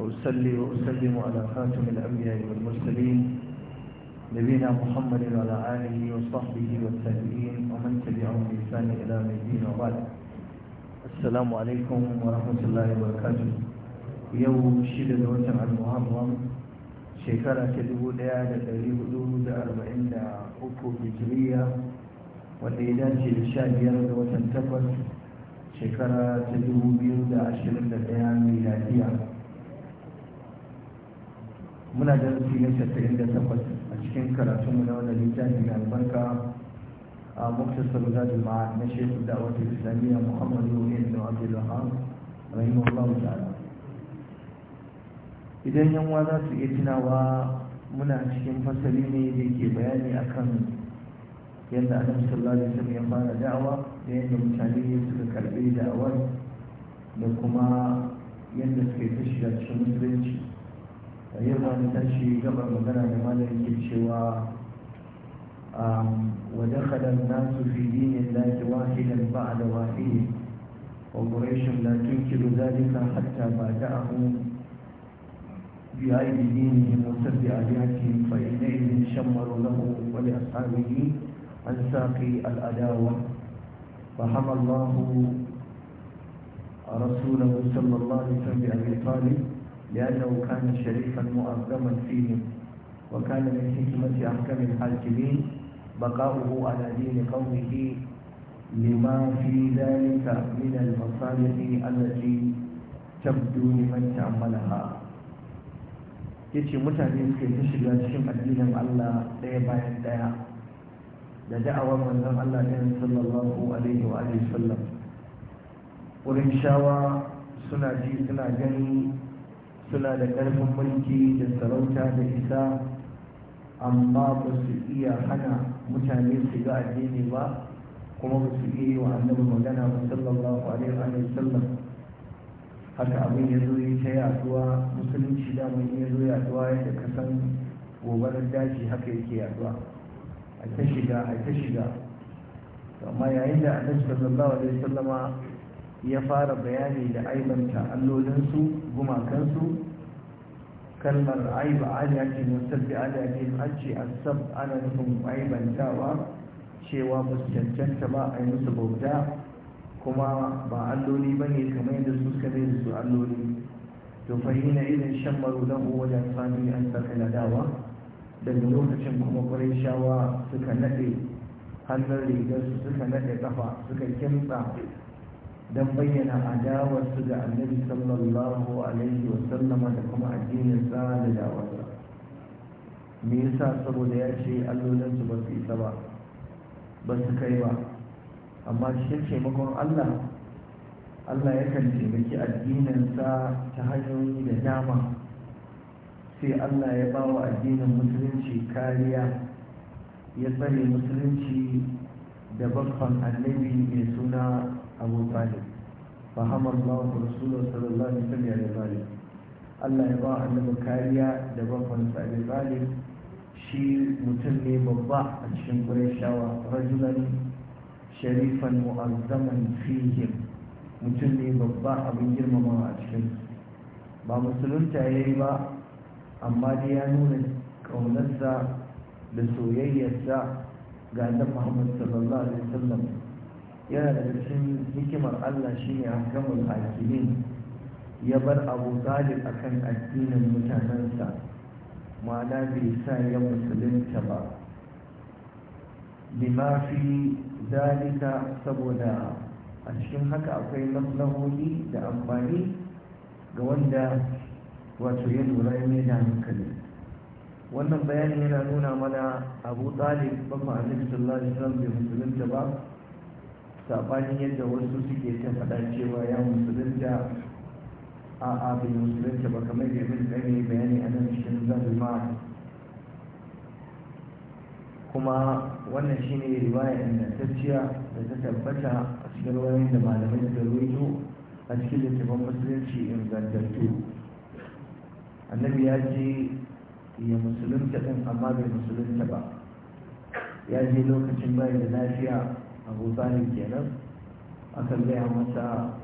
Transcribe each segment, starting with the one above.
وأسلي وأسلم على خاتم الأنبياء والمرسلين نبينا محمد وعلى آله وصحبه والتابعين ومن تبعهم بإحسان إلى يوم الدين وبعد السلام عليكم ورحمة الله وبركاته يوم شدة وتم المحرم شكرا تدبو ليا لدري حدود أربعين أكو هجرية والإيلات لشاد يرد وتنتقل شكرا تدبو بيود عشرين لديان ميلادية muna da rufi na 98 a cikin karatunmu na wannan littafi mai albarka a muktasar zadul ma'a na shekul wata islamiyya muhammadu wani da abdul wahab rahimahullahu ta'ala idan yanwa za su iya tunawa muna cikin fasali ne da ke bayani akan yadda annabi sallallahu alaihi wasallam ya fara da'awa da yadda mutane suka karbi da'awar da kuma yadda suka yi tashi da cikin musulunci yau ma ta tashi gabar magana da ودخل الناس في دين الله واحدا بعد واحد وقريش لا تنكر ذلك حتى بادأهم بأيدي دينهم آلهتهم فإنئذ شمروا له ولأصحابه عن ساقي الأداوة فحمى الله رسوله صلى الله عليه وسلم بأبي طالب لأنه كان شريفا مؤظما فيهم وكان من حكمة أحكم الحاكمين بقاؤه على دين قومه لما في ذلك من المصالح التي تبدو لمن تعملها yace mutane ke ta shiga cikin addinin Allah ɗaya bayan ɗaya da da'awar manzon Allah ɗin sallallahu alaihi wa alihi sallam shawa suna ji suna gani suna da ƙarfin mulki da sarauta da isa amma ba su iya hana mutane su ga addini ba kuma ba su iya yi wa annabi magana ba sallallahu alaihi wa sallam haka abin ya zo yi ta yaduwa musulunci da mun ya zo yaduwa yadda ka san gobarar daji haka yake yaduwa a ta shiga a ta shiga amma yayin da annabi sallallahu alaihi wa sallama ya fara bayani da aibanta allolinsu gumakansu kalmar aib ala ce musabbi ala ce a asab ana nufin aibantawa cewa ba su cancanta ba a yi musu bauta kuma ba alloli ba ne kamar yadda su suka da su alloli to na irin shan maru lahu wajen sami an dawa daga lokacin kuma kwarai shawa suka naɗe hannun rigar suka naɗe ƙafa suka kimsa don bayyana adawarsu ga annabi sallallahu alaihi wasallama da kuma addinin sa da dawarsa me yasa saboda ya ce allolinsu ba su isa ba ba su kai ba amma cikin taimakon allah allah yakan taimaki addininsa ta hanyoyi da dama sai allah ya ba wa addinin musulunci kariya ya tsare musulunci da bakon annabi mai suna abu talib fahimar ba Allah rasulullah sallallahu alaihi wasallam ya zalik Allah ya ba annabi kariya da bakon sa Abi zalim shi mutum ne babba a cikin Qurayshawa rajulan sharifan mu'azzaman fihi mutum ne babba abin girmama a cikin ba musulunta yayi ba amma dai ya nuna kaunarsa da soyayyarsa ga annabi Muhammad sallallahu alaihi wasallam yana da cikin hikimar Allah shi ne a kamar hakimin ya bar abu talib a kan addinin mutanensa ma'ana bai sa ya musulunta ba lima fi zalika saboda a cikin haka akwai maslahohi da amfani ga wanda wato ya lura ya mai da hankali wannan bayanin yana nuna mana abu talib ba ma'anin sallallahu alaihi wasallam bai musulunta ba sabanin yadda wasu suke ta faɗa cewa ya musulunta a abin musulunta ba kamar da ibn yi bayani a nan cikin zalima kuma wannan shine riwaya ingantacciya da ta tabbata a cikin wayoyin da malamai da ruwaito a cikin littafin musulunci ingantattu annabi ya ce ya musulunta din amma bai musulunta ba ya je lokacin bayan da lafiya abu talib kenan aka gaya mata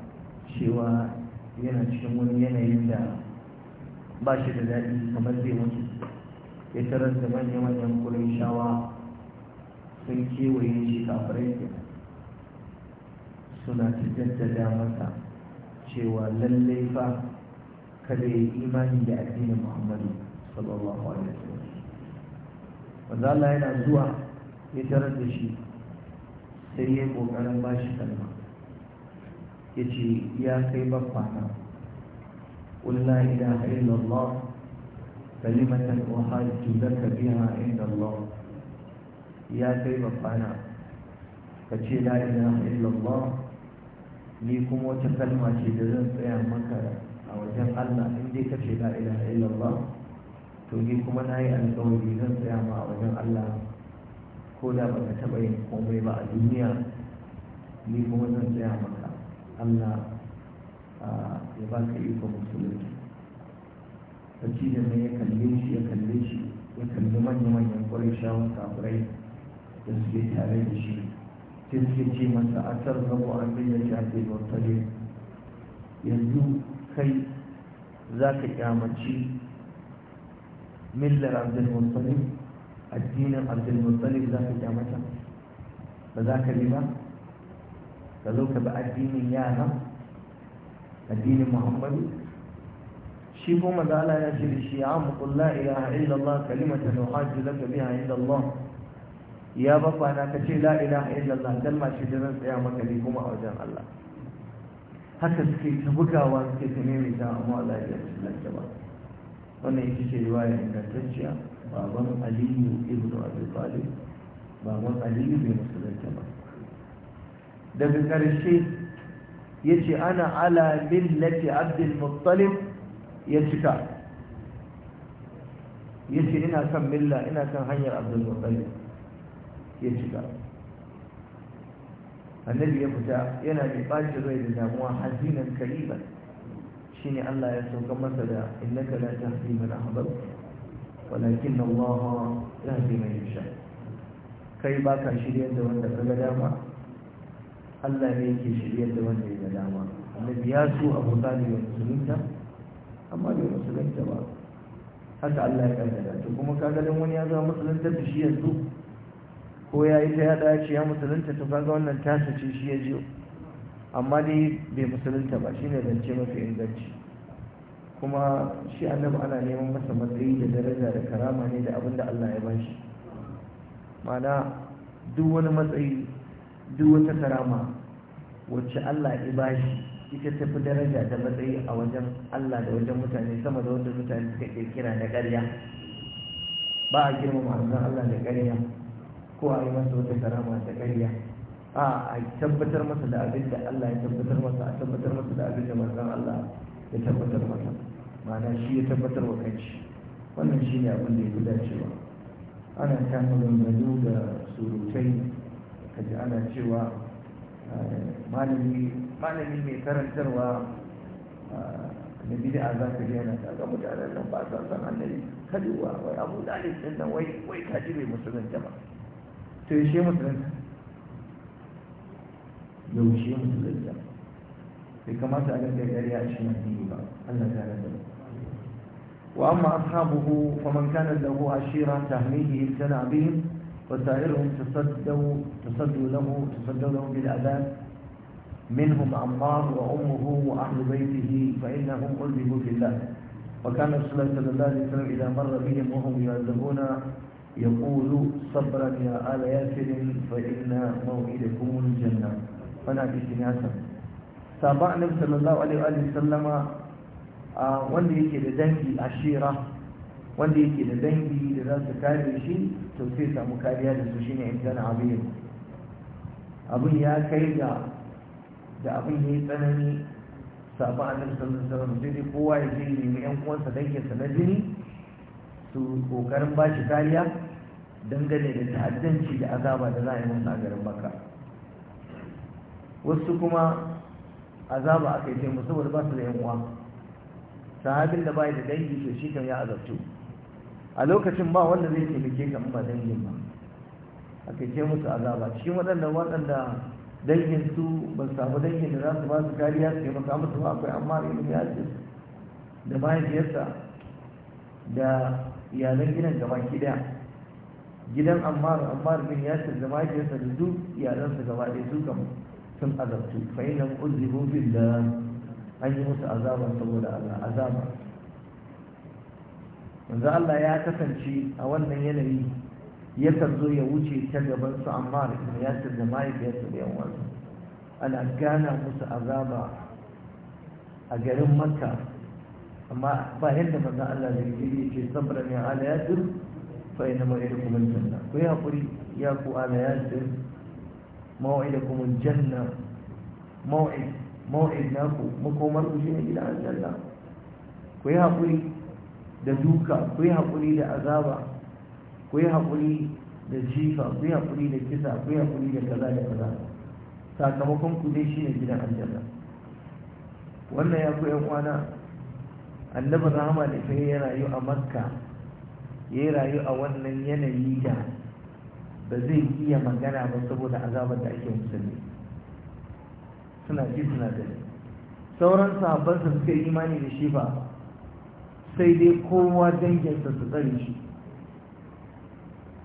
cewa yana cikin wani yanayin da ba shi da daɗi kamar zai mutu ya tarar da manya-manyan kurin shawa sun kewaye shi kafirai kenan suna ta da masa cewa lallai fa kada ya yi imani da addinin muhammadu sallallahu alaihi wasallam wanda Allah yana zuwa ya tarar da shi sai ya kokarin ba shi kalma ya ce ya kai babbana ƙulla ilaha illallah kalimatan uhajju laka a yin Allah ya kai babbana ka ce la ilaha illallah ni kuma wata kalma ce da zan tsaya maka a wajen Allah in dai ka ce la ilaha illallah to ni kuma na yi alƙawari zan tsaya ma a wajen Allah ko da ba ka taɓa yin komai ba a duniya ni kuma zan tsaya maka allah ya ba ka iko musulunci sarki da mai ya kalle shi ya kalle shi ya kalli manya-manyan kwarai shawon kafirai da suke tare da shi sai suke ce masa a sarrafa an bin ya yanzu kai za ka kyamaci millar abdul addinin abdulmuttalib za ka mata ba za ka bi ba ka zo ka bi addinin yara addinin muhammadu shi ko mazala ya ce shi ya amukun la ilaha illallah kalimata da hajji laka biha Allah. ya babba na ka ce la ilaha Allah, kalma ce da zan tsaya maka ne kuma a wajen Allah haka suke ta bugawa suke ta nemi ta amma Allah ya ce lafiya ba wannan yake ce riwaya ingantacciya baban aliyu ibn abi talib baban aliyu bai musulunta ba daga ƙarshe ya ce ana ala millati abdul muttalib ya cika ya ce ina kan milla ina kan hanyar abdul muttalib ya cika annabi ya fita yana da ɓacin rai da damuwa hazinan kaliban shine Allah ya sauka masa da innaka la tahdi man ahbabta walakin Allah yahdi man yasha kai ba ka shiryar da wanda ka ga dama Allah ne yake shiryar da wanda ya ga dama annabi ya so Abu Talib ya musulunta amma bai musulunta ba haka Allah ya kaddara to kuma kaga dan wani ya zama musulunta da shi yanzu ko ya yi ta yada ce ya musulunta to kaga wannan tasa ce shi ya jiyo amma dai bai musulunta ba shine zance mafi inganci kuma shi annabi ana neman masa matsayi da daraja da karama ne da abin da Allah ya ba shi mana duk wani matsayi duk wata karama wacce Allah ya ba shi ita fi daraja da matsayi a wajen Allah da wajen mutane sama da wanda mutane suka kira da ƙarya ba a girmama manzon Allah da ƙarya ko a yi masa wata karama da ƙarya a a tabbatar masa da abin da Allah ya tabbatar masa a tabbatar masa da abin da manzon Allah ya tabbatar masa ma'ana shi ya tabbatar wa kanci wannan shi ne abin da ya fi dacewa ana ta gangano da surutai kaji ana cewa eh, malami mai karantarwa eh, na bid'a za ka ji yana ga mutanen nan ba sa san annabi kaduwa wai abu ne din nan wai wai kaji bai musulunta ba to yaushe musulunta yaushe musulunta bai kamata a ga gari a cikin addini ba Allah ya rada ba. وأما أصحابه فمن كان له عشيرة تهنيه ابتنع بهم وسائرهم تصدوا تصدوا له تصدوا له بالأذان منهم عمار وأمه وأهل بيته فإنهم ألبهوا في الله وكان رسول الله صلى الله عليه وسلم إذا مر بهم وهم يعذبون يقول صبرا يا آل ياسر فإن موعدكم الجنة فنادي حسن تابع النبي صلى الله عليه وآله وسلم wanda yake da dangi a shira, wanda yake da dangi da za su kare shi to sai samu kariya da su shine zana abin abin ya kai ga da abin ya yi tsanani safa a nan alaihi wasallam jini, kowa ya zai nemi yan uwansa danginsa na jini su kokarin ba shi kariya dangane da ta'addanci da azaba da za a yi masa a garin baka, wasu kuma azaba aka yi saboda ba su da yan uwa sahabin da bai da dangi to shi kan ya azabtu a lokacin ba wanda zai taimake ka kan ba dangin ba aka ce musu azaba cikin waɗanda waɗanda dangin su ba samu dangin da za su ba su kariya su taimaka musu ba akwai amma ya yasir da biyarsa da iyalan gidan gaba ɗaya gidan ammar ammar bin yasir da mahaifiyarsa da duk iyalansa gaba ɗaya su kan sun azabtu fa inna uzibu billah an yi musu azaban saboda Allah azaba manzo Allah ya kasance a wannan yanayi ya zo ya wuce ta gaban su amma ibn Yasir da mahaifiyarsa da yan wasu ana gana musu azaba a garin Makka amma ba yadda manzo Allah da yake ce sabra ne ala yasir fa inna ma'idukum aljanna ku yi haƙuri ya ku ala kuma janna. aljanna mawa'id mawa'id naku makomar ku shine gidan jalla ku yi haƙuri da duka ku yi haƙuri da azaba ku yi haƙuri da jifa ku yi haƙuri da kisa ku yi haƙuri da kaza da kaza sakamakon ku dai shine gidan jalla wannan ya ku yan kwana annabi rahama da yi ya rayu a makka ya yi rayu a wannan yanayi da ba zai iya magana ba saboda azabar da ake musulmi suna ji suna gani sauran sahabbansa suka yi imani da shi ba sai dai kowa danginsa su tsare shi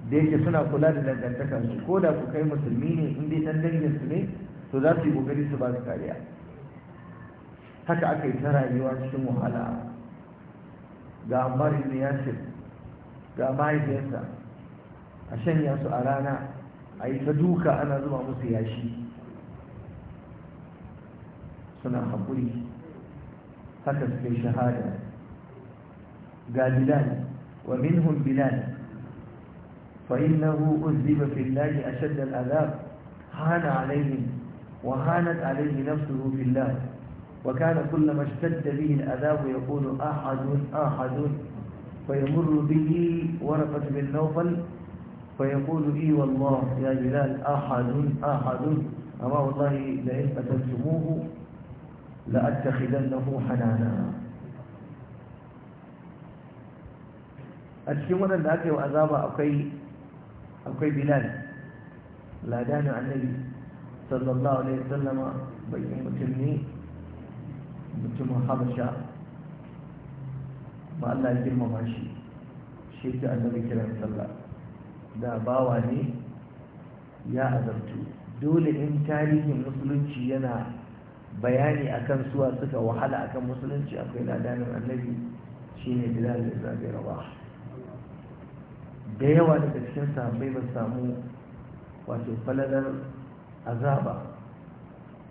da yake suna kula da dangantakar su ko da ku kai musulmi ne in dai dan danginsu ne to za su yi kokari su ba su kariya haka aka yi ta rayuwa cikin wahala ga Ammar ibn Yasir ga mahaifiyarsa a shanya su a rana a yi ta duka ana zuba musu yashi suna haƙuri haka في شهادة ga bilal wa minhum فإنه أذب في الله أشد الأذاب هان عليه وهانت عليه نفسه في الله وكان كلما اشتد به الأذاب يقول أحد أحد فيمر به ورقة بن نوفل فيقول إي والله يا بلال أحد أحد أما والله لئن قتلتموه لأتخذنه حنانا أتكلم أن ذاك وأذابا أقي أقي بلال لا دان عن النبي صلى الله عليه وسلم بين متمني متم حبشا ما الله يجمع ماشي أن النبي كلام صلى الله da bawa ne ya azabtu dole in tarihin musulunci yana bayani akan suwa suka wahala akan musulunci akwai ladanin annabi shine bilal da zabi rawa da yawa daga cikin sahabbai ba samu wato falalar azaba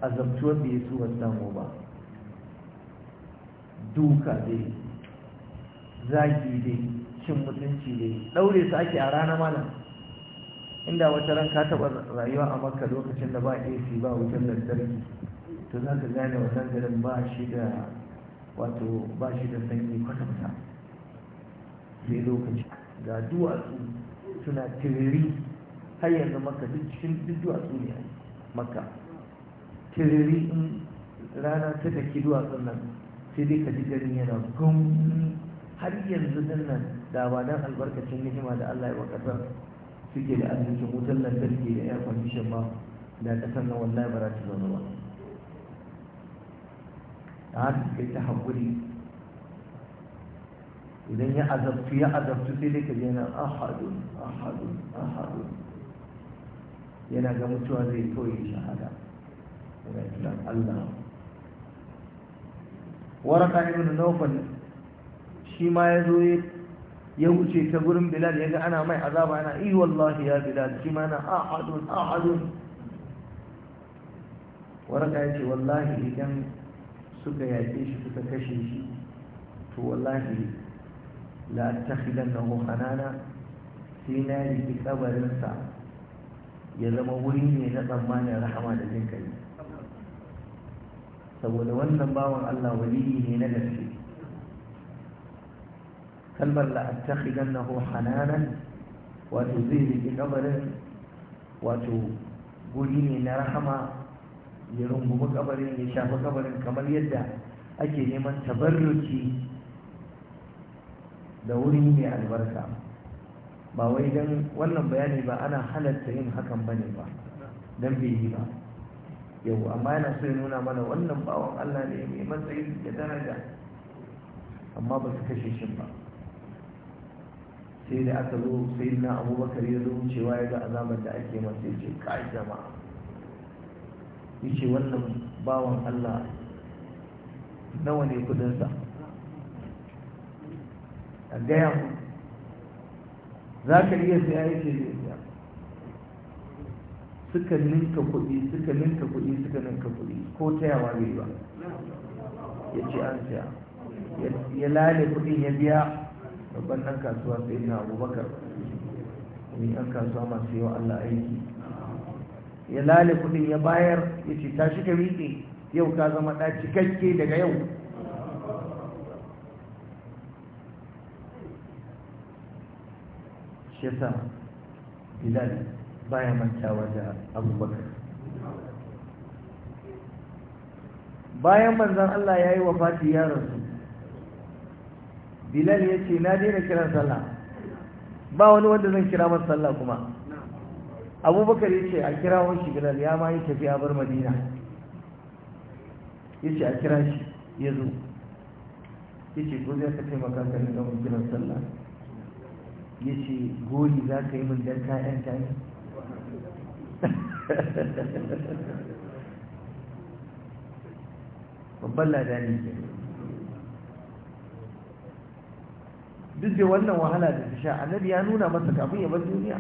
azabtuwar da ya su samu ba duka dai zagi dai cin mutunci dai daure su ake a rana malam inda wata ran ka taba rayuwa a makka lokacin da ba ac ba wutar lantarki to za ka gane wa garin ba shi da wato ba shi da sanyi kwatanta zai lokaci ga duwatsu suna tiriri har yanzu maka duk cikin duk duwatsu ne maka tiriri in rana ta daki duwatsun nan sai dai ka ji garin yana gum har yanzu nan nan da ba dan albarkacin nihima da Allah ya wa kasar suke da arzikin wutar lantarki da kwanci shan ba da kasar nan wallahi ba za ta zama ba ta haka ta haƙuri idan ya azabtu ya azabtu sai dai ka je nan ahadun ahadun ahadun yana ga mutuwa zai kawai shahada daga kiran Allah waraka ibn nawfal shi ma ya zo ya wuce ta gurin bilal ya ga ana mai azaba yana iya wallahi ya bilal shi ma na ahadun ahadun waraka ya ce wallahi idan suka yaƙe shi suka kashe shi to wallahi la takhidan lahu hanana sai na riki kabarinsa ya zama wuri ne na tsammanin rahama da jin kai saboda wannan bawan Allah wali ne na gaske kalmar la attakhidan lahu hananan wato zai riki kabarin wato guri ne na rahama ya rungumi kabarin ya shafi kabarin kamar yadda ake neman tabarruki da wuri mai albarka ba wai don wannan bayani ba ana halatta yin hakan ba ne ba don bai yi ba yau amma yana so ya nuna mana wannan bawan Allah ne mai matsayi da daraja amma ba su kashe shi ba sai da aka zo sai na abubakar ya zo wucewa ya ga azamar da ake masu ya ce kai jama'a ya ce wannan bawan Allah nawa ne kudinsa a gaya mu za ka iya siya ya ce zai siya suka ninka kuɗi suka ninka kuɗi suka ninka kuɗi ko tayawa bai ba ya ce an siya ya lale kuɗin ya biya babban ɗan kasuwa sai na abubakar wani ɗan kasuwa masu yawa Allah aiki ya lale kudin ya bayar ya ce shi ka miƙe yau ka zama ɗa cikakke daga yau shi sa bilal baya mantawa da abubakar bayan manzan Allah ya yi wa fati yaransu bilal ya ce na daina kiran sallah ba wani wanda zan kira masu sallah kuma abubakar ya ce a kira shi bilal ya ma yi tafiya bar madina ya ce a kira shi ya zo ya ce ko zai ka taimaka ka ringa mun kiran sallah ya ce gori za ka yi min dan kayan ta ne babban ladani ke duk da wannan wahala da ta sha annabi ya nuna masa kafin ya bar duniya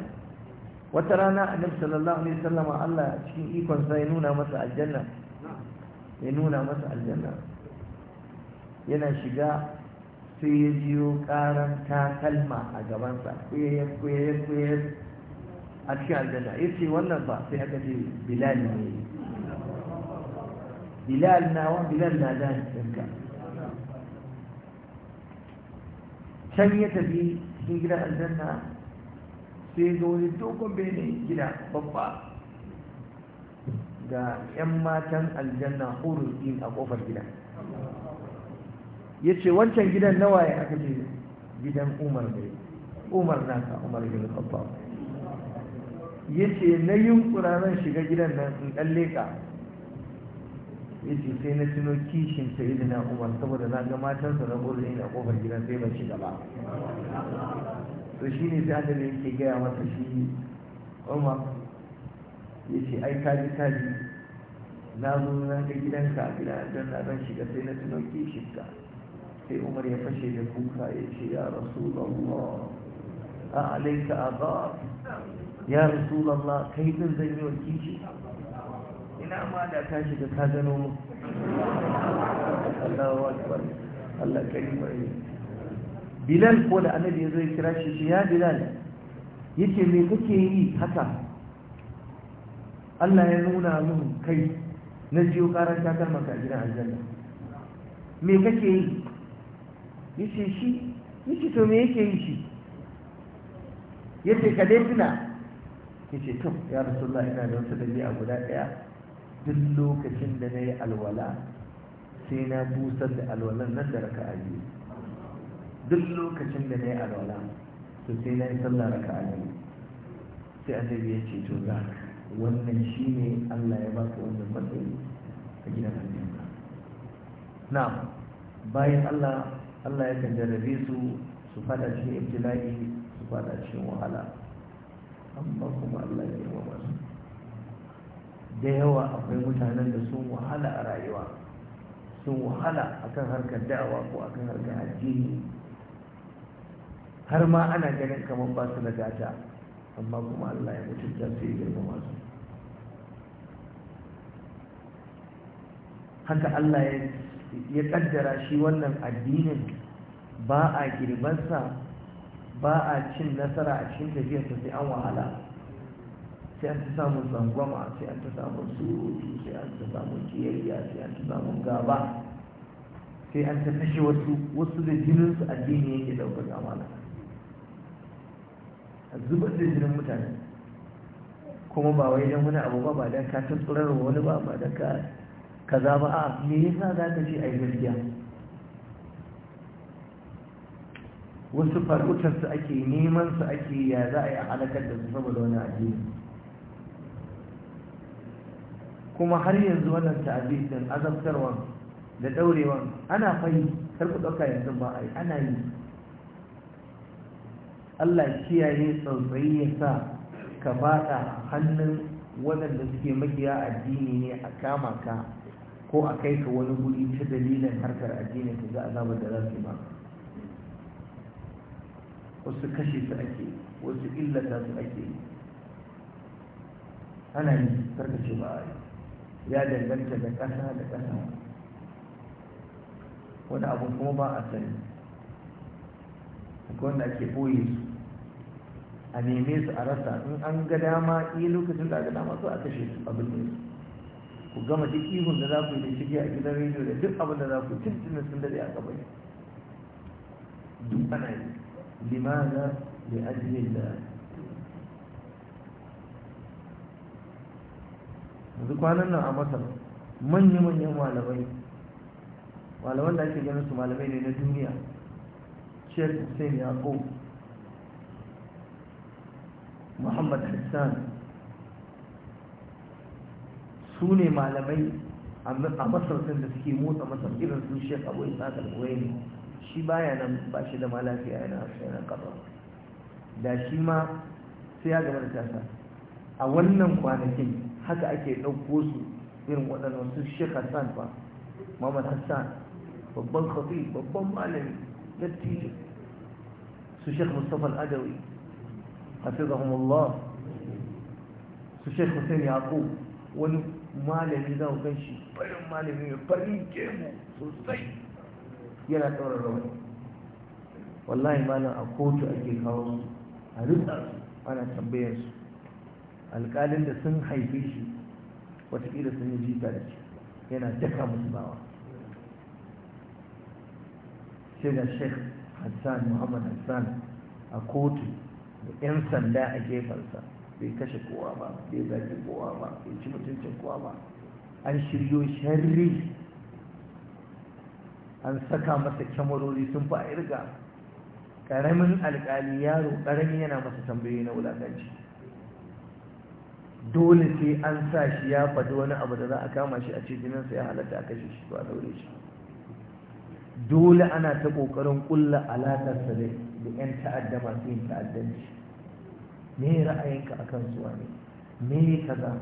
wata rana annabi sallallahu alaihi wasallam Allah cikin ikon sa ya nuna masa aljanna ya nuna masa aljanna yana shiga sai ya jiyo karan takalma a gabansa kuyayen kuyayen kuyayen a cikin aljanna ya ce wannan ba sai aka ce bilal ne bilal na wa bilal na da ɗinka can ya tafi cikin gidan aljanna sai ga wani dogon bene gida babba ga 'yan matan aljanna hururin a kofar gida ya ce wancan gidan nawa ya aka ce gidan umar ne umar naka umar bin khattab ya ce na yin ƙuranar shiga gidan nan in ɗan leƙa ya ce sai na tuno kishin ta idina umar saboda na ga matansa na hururin a kofar gidan sai ban shiga ba to shi ne sai annabi ke gaya masa shi ne. umar ya ce ai kaji kaji na zo na ga gidanka a gida don na zan shiga sai na tuno kishinka sai umar ya fashe da kuka ya ce ya rasulallah a alaika azab ya rasulallah kai zan zan yi wa kishi ina ma da ka shiga ka gano mu Allah wa akbar Allah karimai bilal ko da annabi ya zo ya kira shi ya bilal yake me kuke yi haka Allah ya nuna mun kai na jiyo karan takar maka a gidan aljanna me kake yi yace shi yace to me yake yi shi yace ka dai tuna yace to ya rasulullah ina da wasu wata a guda daya duk lokacin da nayi alwala sai na busar da alwalan nan da raka'a biyu duk lokacin da na yi alwala to sai na yi sallah raka a sai a ya ce to za wannan shi ne allah ya baka wannan matsayi a gidan aljanna na bayan allah allah ya kan jarrabe su su fada cikin ibtila'i su fada cikin wahala amma kuma allah ya yi su da yawa akwai mutanen da sun wahala a rayuwa sun wahala akan harkar da'awa ko akan harkar addini har ma ana ganin kamar ba su nagata amma kuma Allah ya mutunta su yi girma su haka Allah ya kaddara shi wannan addinin ba a girmansa ba a cin nasara a cikin ta sai an wahala sai an ta samun zangwama sai an ta samun surutu sai an ta samun kiyayya sai an ta samun gaba sai an ta kashe wasu wasu da su addini yake ɗaukar amana zubar da jinin mutane kuma ba wai don wani abu ba ba don ka tsurar wani ba ba don ka za ba a me yasa za ka ce a yi gaskiya wasu farautar su ake neman su ake ya za a yi a halakar da su saboda wani addini kuma har yanzu wannan ta'abi din azabtarwa da daurewa ana fahimtar kar ku ɗauka yanzu ba yi ana yi Allah kiyaye tsautsayi ya sa ka fada hannun waɗanda suke makiya addini ne a kama ka ko a kai ka wani guri ta dalilin harkar addini ka ga azabar da za su ba wasu kashe su ake wasu illata su ake ana yi karkace ba ya danganta da ƙasa da ƙasa wani abu kuma ba a sani akwai wanda ake boye su a neme su a rasa in an ga dama iya eh, lokacin da ga dama su a kashe su abin ne ku gama duk ihun da za ku yi da shige a gidan rediyo da duk abin da za ku tuntunan sun dade a gaba duk ana yi limana da ajiyar da yanzu kwanan nan a masar manya-manyan malamai malaman da ake ganin su malamai ne na duniya الشيخ حسين يعقوب محمد حسان سوني معلمي a masar da suke motsa masar irin sun shek abu isa ne shi baya nan ba shi da a yana yana kafa da shi ma sai ya gaba da tasa a wannan kwanakin haka ake ɗauko su irin waɗannan su shek hassan ba mamad hassan babban kafi babban malami dattijo su sheikh mustapha al'adawi hafizahumullah su sheikh hussein yaqub wani malami za ku ganshi, shi farin malami mai farin gemu sosai yana tsawon rauni. wallahi malam a kotu ake kawo su a rika su ana tambayar su alƙalin da sun haife shi watakila sun yi jita da shi yana jaka musu bawa sai ga sheikh hassan muhammad hassan a kotu da 'yan sanda a gefensa bai kashe kowa ba bai zaki kowa ba bai ci mutuncin kowa ba an shiryo sharri an saka masa kyamarori sun a irga ƙaramin alƙali yaro ƙarami yana masa tambayoyi na wulaƙanci dole sai an sa shi ya faɗi wani abu da za a kama shi a cikin jininsa ya halatta a kashe shi ba daure shi dole ana ta ƙoƙarin ƙulla alaƙar sa da 'yan ta'adda masu yin ta'addanci me ra'ayinka a kan su wane me kaza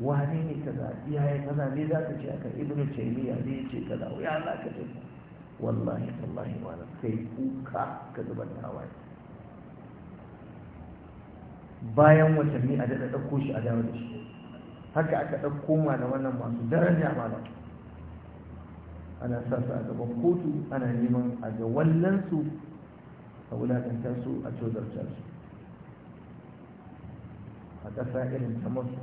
wane ne kaza iyaye kaza ne za ka ce aka ibnu taymiya ne ya ce kaza ya za ka ce wallahi wallahi wala kai kuka ka zuba da hawaye bayan watanni a daɗa ɗauko shi a dawo da shi haka aka ɗauko malaman nan masu daraja malaman ana sa su a gaban kotu ana neman a ga wallansu a wulaƙanta su a cozar su a ƙasa irin ta masu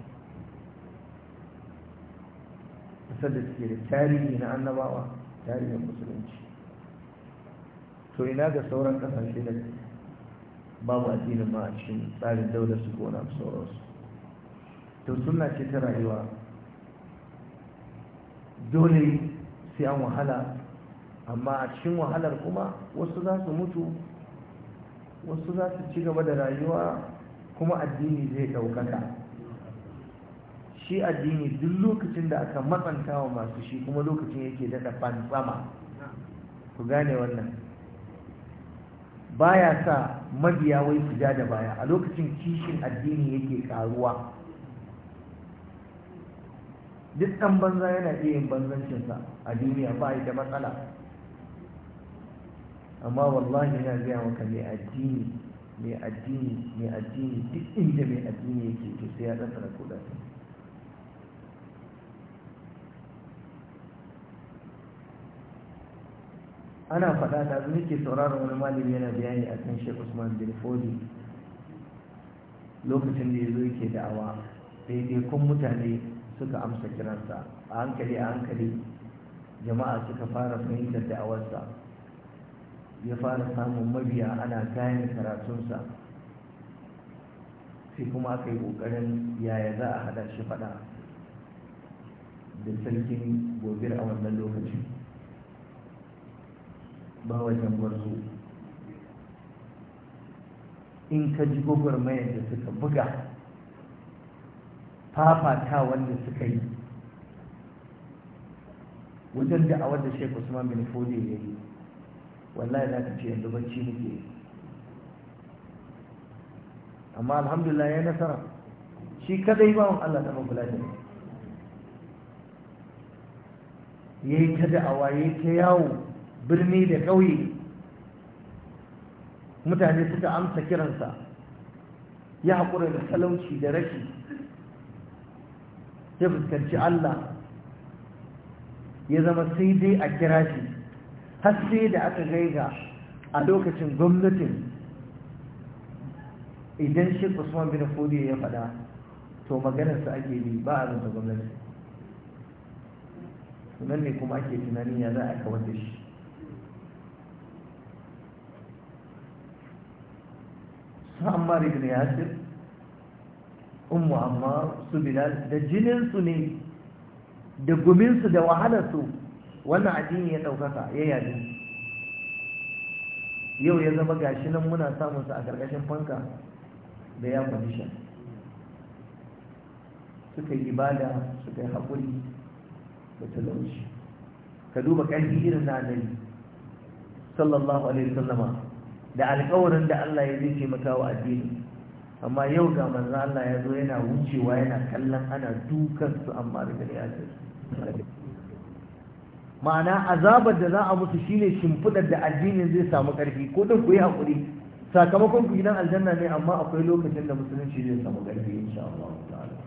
kusa da suke da tarihi na annabawa tarihin musulunci to ina ga sauran ƙasashe da babu addinin ma a cikin tsarin daular su ko na sauransu to suna ce ta rayuwa dole sai an wahala amma a cikin wahalar kuma wasu za su mutu wasu za su ci gaba da rayuwa kuma addini zai ɗaukaka shi addini duk lokacin da aka matsanta wa masu shi kuma lokacin yake daɗa fansama ku gane wannan baya sa mabiya wai su ja da baya a lokacin kishin addini yake karuwa duk ɗan banza yana iya yin banzancinsa a duniya ba da matsala amma wallahi yana gaya maka mai addini mai addini mai addini duk inda mai addini yake to sai ya ɗanɗana kuɗaɗe ana faɗa da zuwa ke sauraron wani malami yana bayani a kan shek usman bin fodi lokacin da ya zo yake da'awa daidaikun mutane suka amsa kiransa a hankali a hankali jama'a suka fara fahimtar da'awarsa ya fara samun mabiya ana kayan karatunsa sai kuma aka yi ƙoƙarin yaya za a hada shi faɗa da sarkin gobir a wannan lokacin ba wajen gwarzo in ka ji gwagwarmayar da suka buga fafata wanda suka yi wajen da a wanda shek usman bin fode ya yi wallahi za ka ce yanzu bacci muke yi amma alhamdulillah ya nasara shi kadai bawan Allah ta kula da ya yi ta da'awa ya yi ta yawo birni da ƙauye mutane suka amsa kiransa ya haƙura da talauci da rashi ya fuskanci Allah ya zama sai dai a kira shi har sai da aka gaiga a lokacin gwamnatin idan shi usman bin fodiyo ya faɗa to maganarsa ake bi ba a zanta gwamnati sunan ne kuma ake tunanin ya za a kawar da shi sun amma ibn yasir ummu amma su bilal da jininsu ne da guminsu da wahalarsu wannan addini ya ɗaukaka ya yadu yau ya zama gashi nan muna samun su a ƙarƙashin fanka da ya kwamishin suka yi ibada suka yi haƙuri da talauci ka duba ƙarfi irin na annabi sallallahu alaihi wasallama da alƙawarin da Allah ya zai taimaka wa addinin. amma yau ga manzo Allah ya zo yana wucewa yana kallon ana dukan su amma da ya ce ma'ana azabar da za a musu shine shimfidar da addinin zai samu ƙarfi ko din ku yi hakuri sakamakon ku gidan aljanna ne amma akwai lokacin da musulunci zai samu ƙarfi insha Allah ta'ala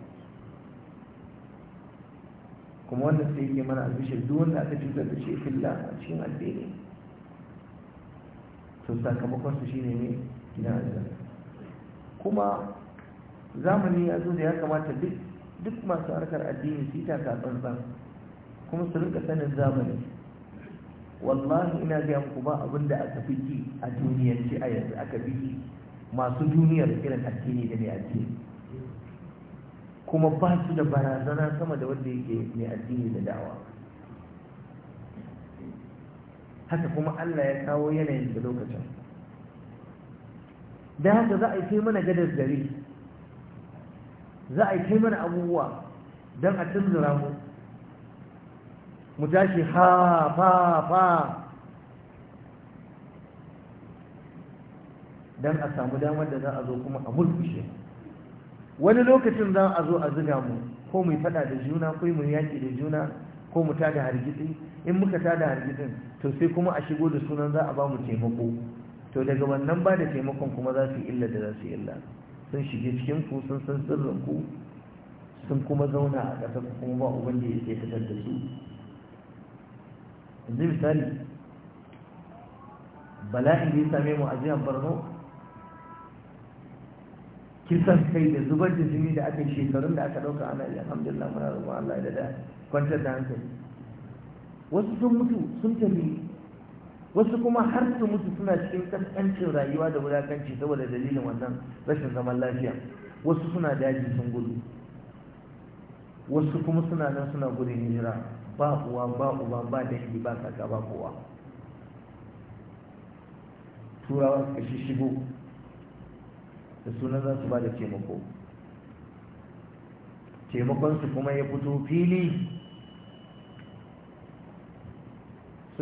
kuma wanda sai yake mana albishir duk wanda aka cutar da shi filla a cikin addini to sakamakon su shine ne gidan aljanna kuma zamani ya zo da ya kamata duk masu harkar addini su yi tsantsan kuma su rinka sanin zamani wallahi ina gaya muku ba abin da aka fi ji a duniyarci a yanzu aka fi ji masu duniyar irin addini da ne addini kuma ba su da barazana sama da wanda yake mai addini da da'wa. haka kuma Allah ya kawo yanayin da lokacin da haka za a yi kai mana gadar gari za a yi kai mana abubuwa don a tunzura mu mu tashi ha fa fa don a samu damar da za a zo kuma a mulkushe wani lokacin za a zo a ziga mu ko mu fada da juna ko mu yaki da juna ko mu tada hargitsi in muka tada hargitsin to sai kuma a shigo da sunan za a ba mu taimako to daga wannan ba da taimakon kuma za su illa da za su illa sun shige cikin ku sun san sirrin ku sun kuma zauna a ƙasar kuma ba uban da yake fitar da su yanzu misali bala'i da ya same mu a jihar borno kisan kai da zubar da jini da aka shekarun da aka ɗauka ana yi alhamdulillah muna roƙon Allah da da kwantar da hankali wasu sun mutu sun tafi wasu kuma har su mutu suna cikin kaskancin rayuwa da wulakanci saboda dalilin wannan rashin zaman lafiya wasu suna daji sun gudu wasu kuma suna nan suna gudun hijira ba uwa ba uba ba dangi ba kaka ba kowa turawa suka shishigo da sunan za su ba da taimako taimakonsu kuma ya fito fili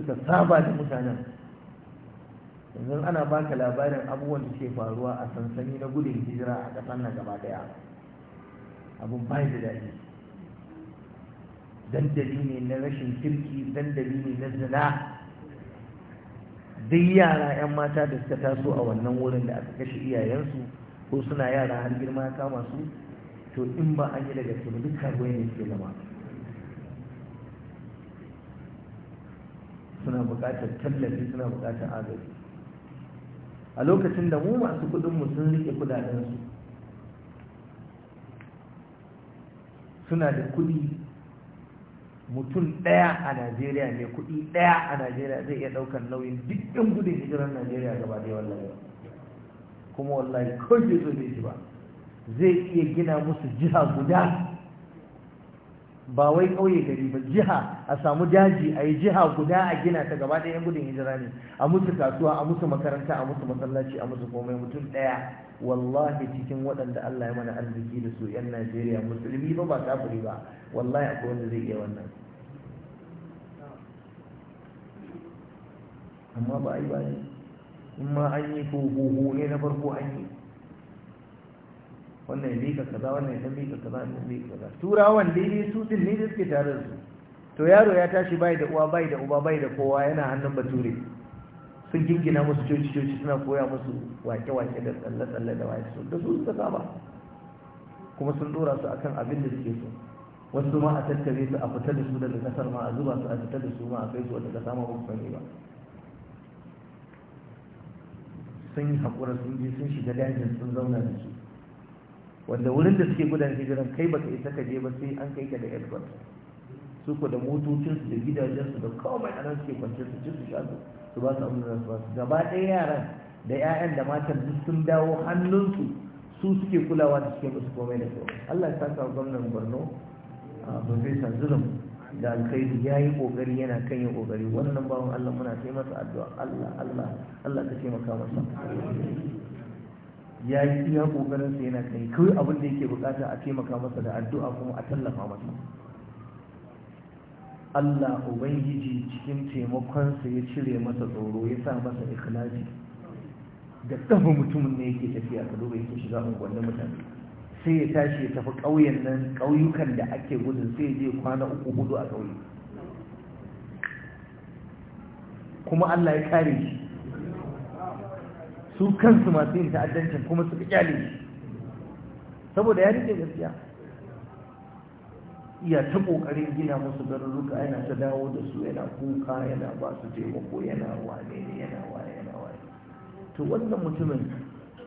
suka saba da mutanen yanzu ana baka labarin abubuwan da ke faruwa a sansani na gudun hijira a ƙasar nan gaba daya abun bai da daɗi dandali ne na rashin kirki dandali ne na zina duk yara 'yan mata da suka taso a wannan wurin da aka kashe iyayensu ko suna yara har girma ya kama su to in ba an yi daga su duk karuwa ne ke zama suna bukatar tallafi suna bukatar agaji a lokacin da mu masu kuɗinmu sun riƙe su suna da kuɗi mutum ɗaya a najeriya mai kuɗi ɗaya a najeriya zai iya ɗaukar nauyin duk dukkan gudun hijirar najeriya gaba da yawan lafiya kuma wallahi kawai zai zo bai shi ba zai iya gina musu jiha guda ba wai kauye gari ba jiha a samu daji a yi jiha guda a gina ta gaba ɗaya gudun hijira ne a musu kasuwa a musu makaranta a musu masallaci a musu komai mutum ɗaya wallahi cikin waɗanda Allah ya mana arziki da su 'yan Najeriya musulmi ba ba kafiri ba wallahi akwai wanda zai iya wannan amma ba a yi ba ne in ma an yi ko ne na farko an yi wannan ya ka kaza wannan ya mika kaza wannan yi mika kaza turawan daidai su din ne da suke tare da su to yaro ya tashi bai da uwa bai da uba bai da kowa yana hannun bature sun gingina musu coci coci suna koya musu wake wake da tsalle tsalle da wake su da su suka saba kuma sun dora su akan abin da suke so wasu ma a tattare su a fitar da su daga kasar ma a zuba su a fitar da su ma a kai su wata kasa ma ba ba sun yi haƙura sun je sun shiga dajin sun zauna da su wanda wurin da suke gudan hijiran kai baka isa ka je ba sai an kai ka da airport su ko da motocinsu da gidajensu da komai a nan suke kwance su ci su sha su su ba su abin da su ba su gaba ɗaya yaran da 'ya'yan da matan duk sun dawo hannunsu su suke kulawa da suke musu komai da komai Allah ya saka gwamnan Borno a Professor Zulum da alkhairi ya yi ƙoƙari yana kan yin ƙoƙari wannan bawan Allah muna taimaka addu'a Allah Allah Allah ka taimaka masa ya yi iya kokarin sa yana kai kawai abin da yake bukata a taimaka masa da addu'a kuma a tallafa masa Allah ubangiji cikin taimakon sa ya cire masa tsoro ya sa masa ikhlasi da kafa mutumin ne yake tafiya ka duba yake shiga unguwannin mutane sai ya tashi ya tafi ƙauyen nan ƙauyukan da ake gudun sai ya je kwana uku hudu a ƙauye kuma Allah ya kare shi su kansu masu yin ta'addancin kuma su kyale shi saboda ya rike gaskiya iya ta kokarin gina musu garuruka yana ta dawo da su yana kuka yana ba su taimako yana wane ne yana wane yana wane to wannan mutumin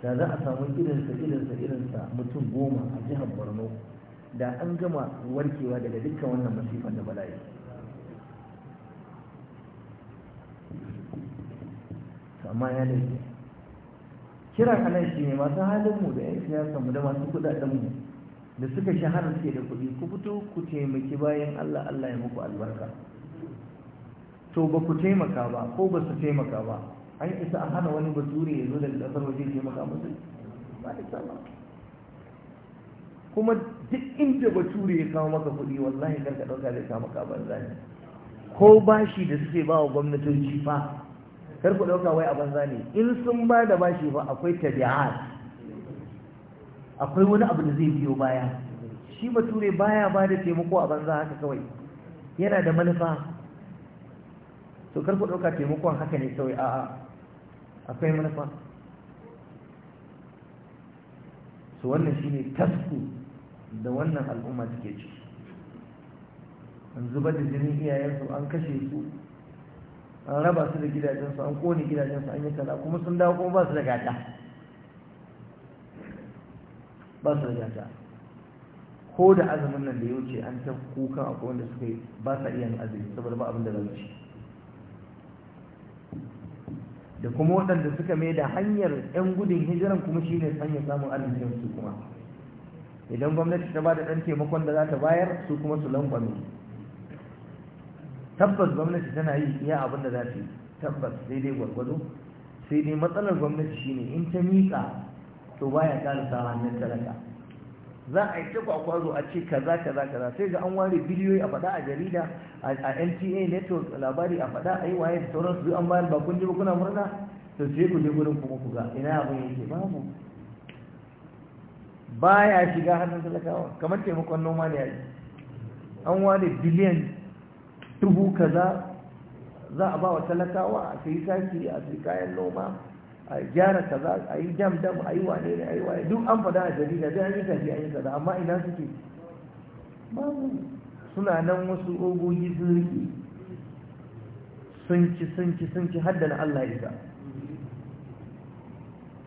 da za a samu irinsa irinsa irinsa mutum goma a jihar borno da an gama warkewa daga dukkan wannan masifan da bala'i amma ya ne kiran anan shi ne masu halinmu da 'yan siyasarmu da masu kudadenmu da suka shahara suke da kuɗi ku fito ku taimaki bayan Allah Allah ya muku albarka to ba ku taimaka ba ko ba su taimaka ba an isa a hana wani bature ya zo daga ƙasar waje taimaka musu ba da sama kuma duk inda bature ya kawo maka kuɗi wallahi kar ka ɗauka zai kawo maka banzani ko bashi da suke ba wa gwamnatoci fa kar ku ɗauka wai a banza ne in sun ba da bashi ba akwai tabi'a akwai wani abu da zai biyo baya shi bature baya ba da taimako a banza haka kawai yana da manufa to kar ku ɗauka taimakon haka ne kawai a'a akwai manufa su wannan shine tasku da wannan al'umma take ci. an zubar da jinin iyayensu an kashe su an raba su da gidajensu an kone gidajensu an yi tala kuma sun dawo kuma ba su da gata ba su da gata ko da azumin nan da ya wuce an ta kukan akwai wanda suka yi ba sa iya azumi saboda ba abin da zai ci da kuma waɗanda suka mai da hanyar 'yan gudun hijiran kuma shi ne hanyar samun arzikin su kuma idan gwamnati ta ba da ɗan taimakon da za ta bayar su kuma su lankwame tabbas gwamnati tana yi iya abin da za ta yi tabbas daidai gwargwado sai dai matsalar gwamnati shine in ta miƙa to baya ƙarasa hannun talaka za a yi ta kwakwazo a ce kaza kaza kaza sai ga an ware biliyoyi a faɗa a jarida a nta network labari a faɗa a yi waye da sauransu duk an bayar ba kun je ba kuna murna to sai ku je gurin kuma ku ga ina abin yake babu baya shiga hannun talakawa kamar taimakon noma ne a yi an ware biliyan dubu kaza za a ba wa talakawa a sai saki a sai kayan noma a gyara kaza a yi jam dam a yi wane ne a yi wane duk an fada a jarida duk an yi kaji a yi kaza amma ina suke babu suna nan wasu ogogi sun riƙe sun ci sun ci sun ci haddana Allah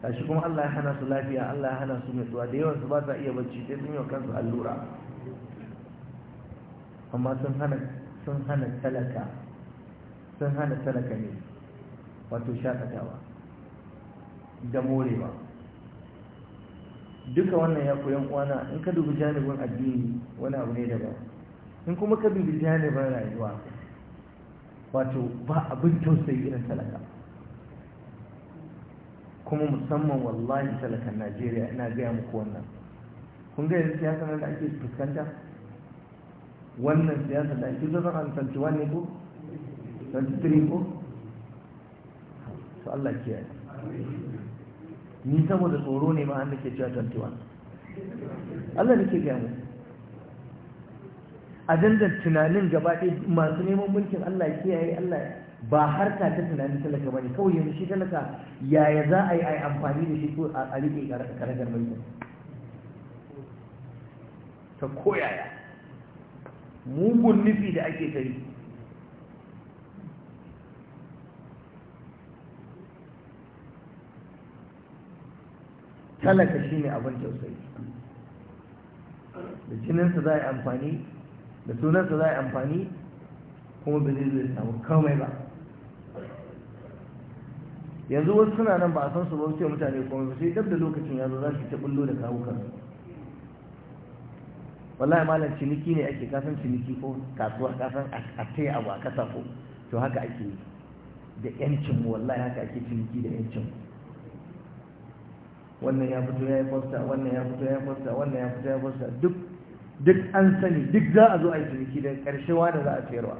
ta shi kuma Allah ya hana su lafiya Allah ya hana su nutsuwa da yawan su ba a iya bacci sai sun yi wa kansu allura amma sun hana sun hana talaka sun hana talaka ne wato shakatawa da morewa duka wannan ya koyan kwana in ka dubi janibin addini wani abu ne daban in kuma ka dubi janibin rayuwa wato ba abin tausayi irin talaka kuma musamman wallahi talakan najeriya ina gaya muku wannan kun ga yanzu siyasa na da ake fuskanta wannan siyasa da ake zama an santi wani ko santi tiri ko su Allah ke yi ni saboda tsoro ne ma an da ke cewa wani Allah da ke gaya mu ajandar tunanin gaba ɗaya masu neman mulkin Allah ke yi Allah ba harka ta tunanin talaka ba ne kawai yanzu shi talaka yaya za a yi a amfani da shi ko a riƙe karagar mulkin ta koyaya mugun nufi da ake ta yi talaka shi ne abin tausayi da jininsa za a yi amfani da sunansa za a yi amfani kuma ba zai zai samu kamai ba yanzu wasu suna nan ba a san su ba wuce mutane kuma sai dab da lokacin ya zo za su ta bullo da kawukan su wallahi malam ciniki ne ake kasan ciniki ko kasuwa kasan a taya abu a kasa ko to haka ake da yancin mu wallahi haka ake ciniki da yancin wannan ya fito ya yi fosta wannan ya fito ya yi fosta wannan ya fito ya yi fosta duk duk an sani duk za a zo a yi ciniki da ƙarshe wani za a sayarwa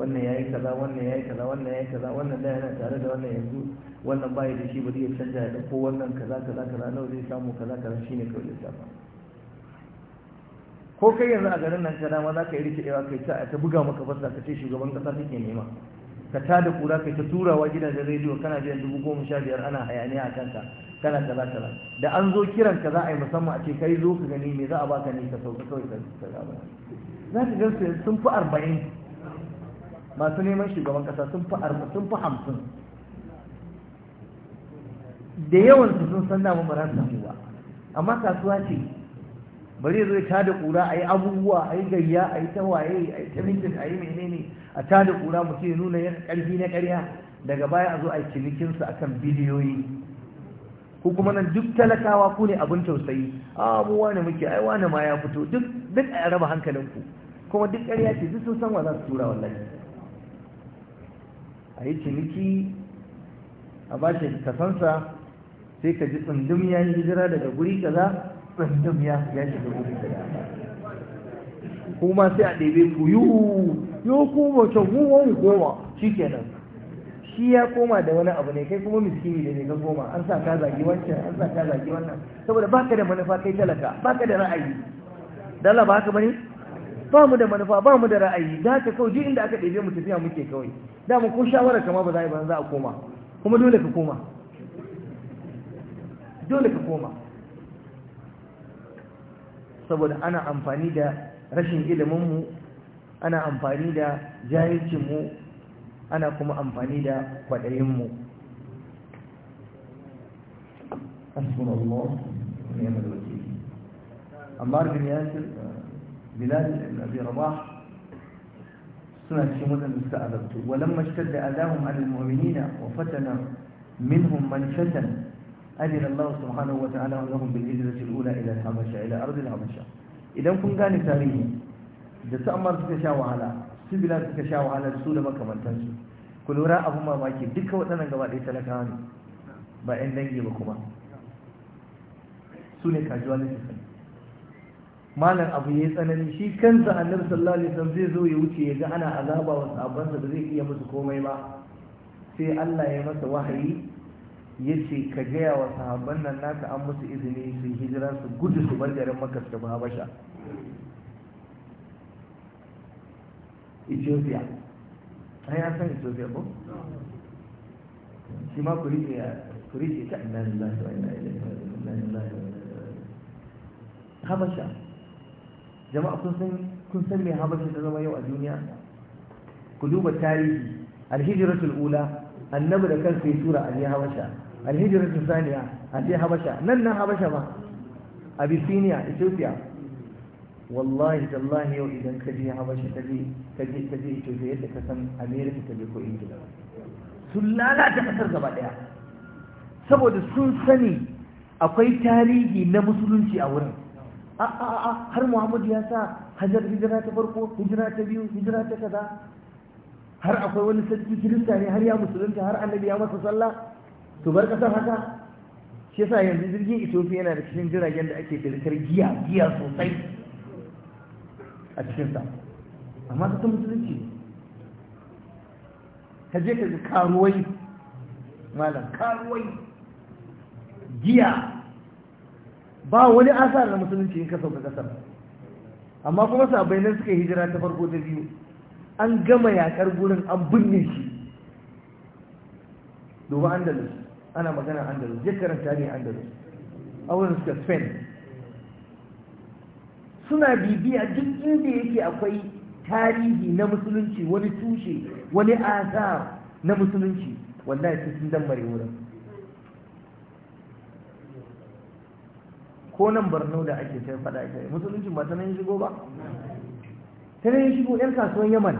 wannan ya yi kaza wannan ya yi kaza wannan ya yi kaza wannan da yana tare da wannan yanzu wannan baya da shi ba zai canja ya ɗauko wannan kaza kaza kaza nawa zai samu kaza kaza shi ne kawai lissafa ko kai yanzu a garin nan kana ma za ka yi ɗewa kai ta ta buga maka fasa ka ce shugaban kasa take nema ka ta da kura kai ta turawa gidajen rediyo kana biyan dubu goma sha biyar ana hayaniya a kanka kana kaza kaza da an zo kiran ka za a yi musamman a ce kai zo ka gani me za a baka ne ka sauka kawai ka kaza ba za ka su sun fi arba'in masu neman shugaban ƙasa sun fi arba'in sun fi hamsin da yawan su sun san namu ba samu ba amma kasuwa ce bari zai ta da kura a yi abubuwa a yi gayya a yi tawaye a yi tamikin a yi menene a ta da kura mutum ya nuna yin karfi na karya daga baya a zo a yi cinikinsu akan bidiyoyi? ko kuma nan duk talakawa ku ne abin tausayi a abubuwa ne muke ai ne ma ya fito duk duk a raba hankalinku kuma duk ƙarya ce duk sun san wa za su tura wallahi a yi ciniki a ba shi kasansa sai ka ji tsundum ya yi hijira daga guri kaza tsundum ya ya shiga guri kaza kuma sai a ɗebe ku yi yo kuma ta huwan goma shikenan shi ya koma da wani abu ne kai kuma miskini da ne ka goma an sa ka zagi wancan an sa ka zagi wannan saboda baka da manufa kai talaka baka da ra'ayi dala ba haka bane ba mu da manufa ba mu da ra'ayi da ka kawai duk inda aka ɗebe mu tafiya muke kawai da ko shawara kama ba za a yi ba za a koma kuma dole ka koma dole ka koma saboda ana amfani da rashin iliminmu ana amfani da jahilcinmu ana kuma amfani da kwaɗayinmu asibirallah ne mai wakili amma bin yasir bilal ibn abi rabah suna cikin waɗanda suka azabtu walamma shadda azahum alal mu'minina wa fatana minhum man fatana أذن الله سبحانه وتعالى لهم بالهجرة الأولى إلى الحبشة إلى أرض الحبشة إذا كن قال تاريخي da su amma suka sha wahala su bila suka sha wahala su da makamantansu ku lura abin mamaki duka waɗannan gaba ɗaya talakawa ne ba 'yan dangi ba kuma su ne kajuwa na sifin malam abu ya yi tsanani shi kansa annabi sallallahu alaihi wasallam zai zo ya wuce ya ga ana azaba wa sahabbansa ba zai iya musu komai ba sai Allah ya masa wahayi ya ce ka gaya wa sahabban nan naka an musu izini su hijira su gudu su bar garin maka su tafi habasha ethiopia an ya san ethiopia ko shi ma ku rike ku rike ta inna lillahi wa inna ilaihi habasha jama'a kun san kun san me habasha ta zama yau a duniya ku duba tarihi alhijratul ula annabi da kansa ya tura a habasha alhijirar saniya a ce habasha nan nan habasha ba abisiniya ethiopia wallahi tallahi yau idan ka je habasha ka je ka je ka je ethiopia yadda ka san america ta je ko ingila sun lalata kasar gaba daya saboda sun sani akwai tarihi na musulunci a wurin a a a har muhammadu ya sa hajar hijira ta farko hijira ta biyu hijira ta kaza har akwai wani sarki kirista ne har ya musulunta har annabi ya masa sallah to bar kasar haka shi yasa yanzu jirgin Ethiopia yana da cikin jiragen da ake dalkar giya giya sosai a cikin sa amma ta musulunci ka je ka ga karuwai malam karuwai giya ba wani asar na musulunci in ka sauka kasar amma kuma sabai nan suka hijira ta farko da biyu an gama yakar gurin an binne shi domin andalus ana magana andalus je karanta ne andalus a wurin suka spain suna bibiya duk inda yake akwai tarihi na musulunci wani tushe wani asar na musulunci wanda sai sun mare wurin ko nan barno da ake sai fada ake musulunci ba ta nan shigo ba ta nan shigo yan kasuwan yaman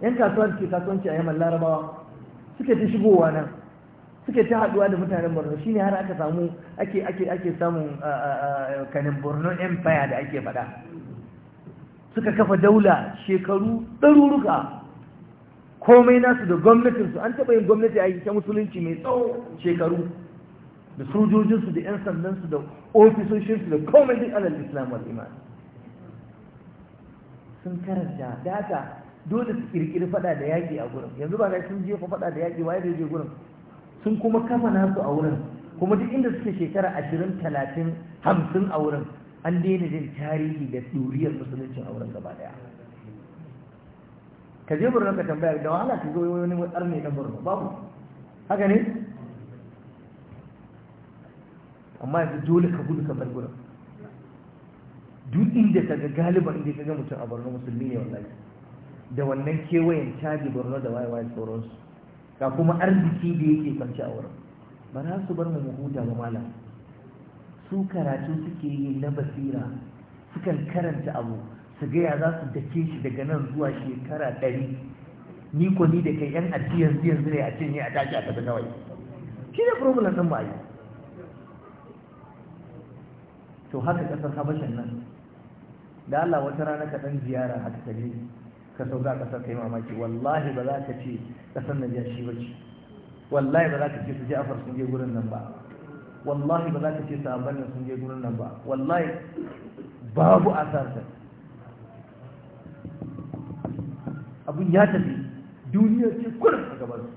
yan kasuwan ke kasuwanci a yaman larabawa suke ta shigowa nan suke ta haduwa da mutanen borno shine har aka samu ake ake ake samun kanin borno empire da ake faɗa suka kafa daula shekaru ɗaruruka komai nasu da gwamnatinsu an taɓa yin gwamnati a ta musulunci mai tsawo shekaru da sojojinsu da 'yan sandansu da ofisoshinsu da komai duk alal islam wal iman sun karanta da haka dole su kirkiri fada da yaƙi a gurin yanzu ba sun jefa fada da yaƙi waye da je gurin sun kuma kafa nasu a wurin kuma duk inda suke shekara ashirin talatin hamsin a wurin an daina jin tarihi da ɗuriyar musuluncin a wurin gaba ɗaya ka je burin ka tambaya da wahala ka zo wani matsar ne na birnin babu haka ne amma yanzu dole ka gudu ka bar gurin duk inda ka ga galiban inda ka ga mutum a birnin musulmi ne wallahi da wannan kewayen caji birnin da wayewaye sauransu ga kuma arziki da yake kwanci a wurin ba za su bar mu mu huta ba malam su karatu suke yi na basira sukan karanta abu su gaya za su dake shi daga nan zuwa shekara ɗari ni ko ni da kai yan ajiyar ziyar zire a cinye a tashi a tafi kawai shi ne problem ɗin ba yi to haka ƙasar habashan nan da Allah wata rana ka ɗan ziyara haka ka je ka sau a ƙasar kai mamaki wallahi ba za ka ce ƙasar na jashi ba ce wallahi ba za ka ce su ja'afar sun je gurin nan ba wallahi ba za ka ce sahabban nan sun je gurin nan ba wallahi babu asarta. abin ya tafi duniyar ce kurin a gaban su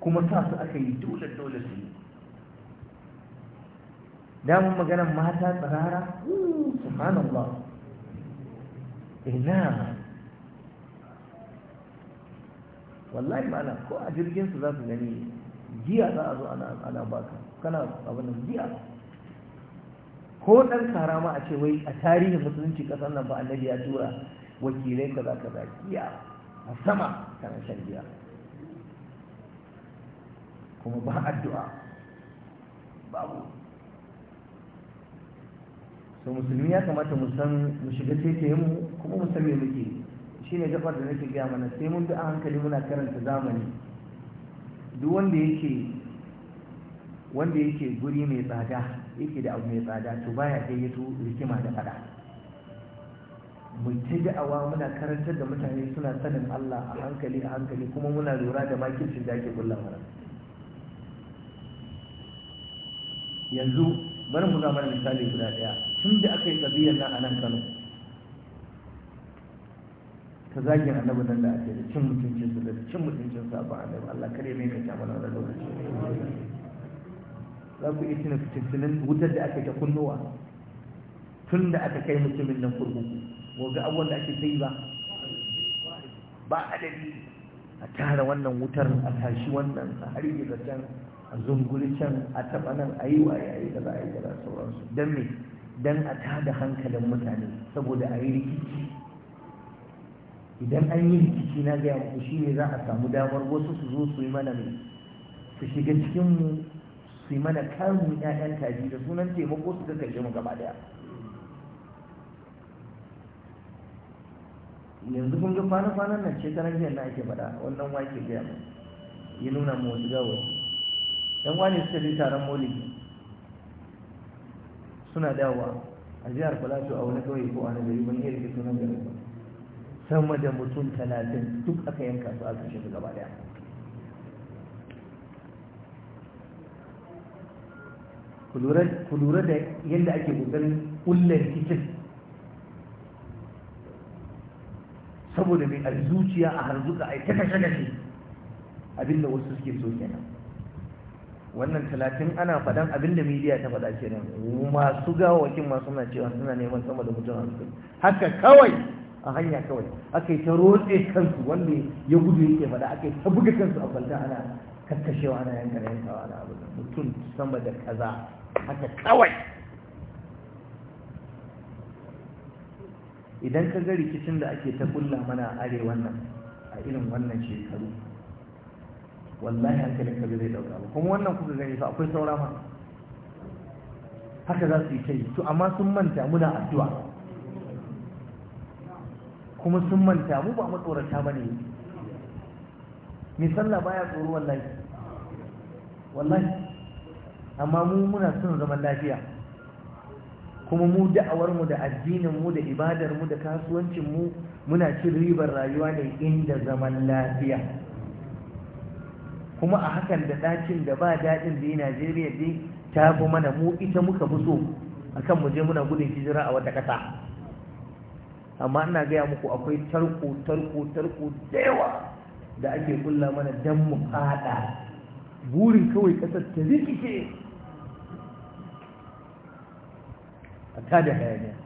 kuma sa su aka yi dole dole su yi damun maganar mata tsirara subhanallah ina wallahi ma'ana ko a jirgin su za su gani giya za a zo ana baka kana abin giya ko ɗan karama a ce wai a tarihin musulunci ƙasar nan ba annabi ya tura wakilai kaza kaza giya a sama kana shan giya kuma ba addu'a babu to musulmi ya kamata mu san mu shiga taitayen mu kuma mu san me muke shine gabar da nake gaya mana sai mun bi a hankali muna karanta zamani duk wanda yake wanda yake guri mai tsada yake da abu mai tsada to baya gayyato rikima da fada mu ta da'awa muna karantar da mutane suna sanin Allah a hankali a hankali kuma muna lura da makircin da ake kulla yanzu bari mu mana misali guda ɗaya tun da aka yi tsabiyar nan a nan kano ta zagin annabi nan da ake da cin mutuncin su da cin mutuncin sa ba annabi Allah kare mai ka mana wannan lokaci za ku iya tuna fitintunin wutar da aka ta kunnuwa tun da aka kai mutumin nan kurkuku ko ga abubuwan da ake sai ba ba adadi a tara wannan wutar a tashi wannan a harbe da can a zunguri can a taɓa nan a yi waye a yi za a yi da sauransu don me don a tada hankalin mutane saboda a yi rikici idan an yi rikici na gaya muku shi ne za a samu damar wasu su zo su yi mana mai su shiga cikinmu su yi mana karmu 'ya'yan kaji da sunan taimako su kakashe mu gaba daya yanzu kun ga kwanan-kwanan nan ce jiya na ake faɗa wannan wake gaya mu ya nuna mu wasu gawa yan wani suka je taron maulidi suna dawowa a jihar falato a wani kawai ko a na gari ban iya rike sunan gari ba sama da mutum talatin duk aka yanka su aka shi gaba daya ku lura da yadda ake kokarin kullar titin saboda mai a zuciya a harzuka a ita kashe abinda wasu suke so kenan wannan talatin ana faɗan abin da midiya ta faɗa ne masu gawakin masu na cewa suna neman sama da mutum haka kawai a hanya kawai aka yi ta rotse kansu wanda ya gudu yake faɗa aka yi ta buga kansu a kwalta ana kakkashewa ana yanka na yankawa na abu mutum sama da kaza haka kawai idan ka ga rikicin da ake ta kulla mana arewa nan a irin wannan shekaru wallahi hankalin ka zai dauka ba kuma wannan kuka gani fa akwai saura ma haka za su yi kai to amma sun manta muna addu'a kuma sun manta mu ba mu tsorata bane ni sallah baya tsoro wallahi wallahi amma mu muna son zaman lafiya kuma mu da'awar mu da addinin mu da ibadar mu da kasuwancin mu muna cin ribar rayuwa ne inda zaman lafiya kuma a hakan da ɗakin da ba daɗin da yi najeriya dai ta fi mana mu ita muka fi so a kan mu je muna gudun hijira a wata ƙasa amma ina gaya muku akwai tarko tarko tarko da yawa da ake kulla mana don mu fada burin kawai ƙasar ta rikice a tada hayaniya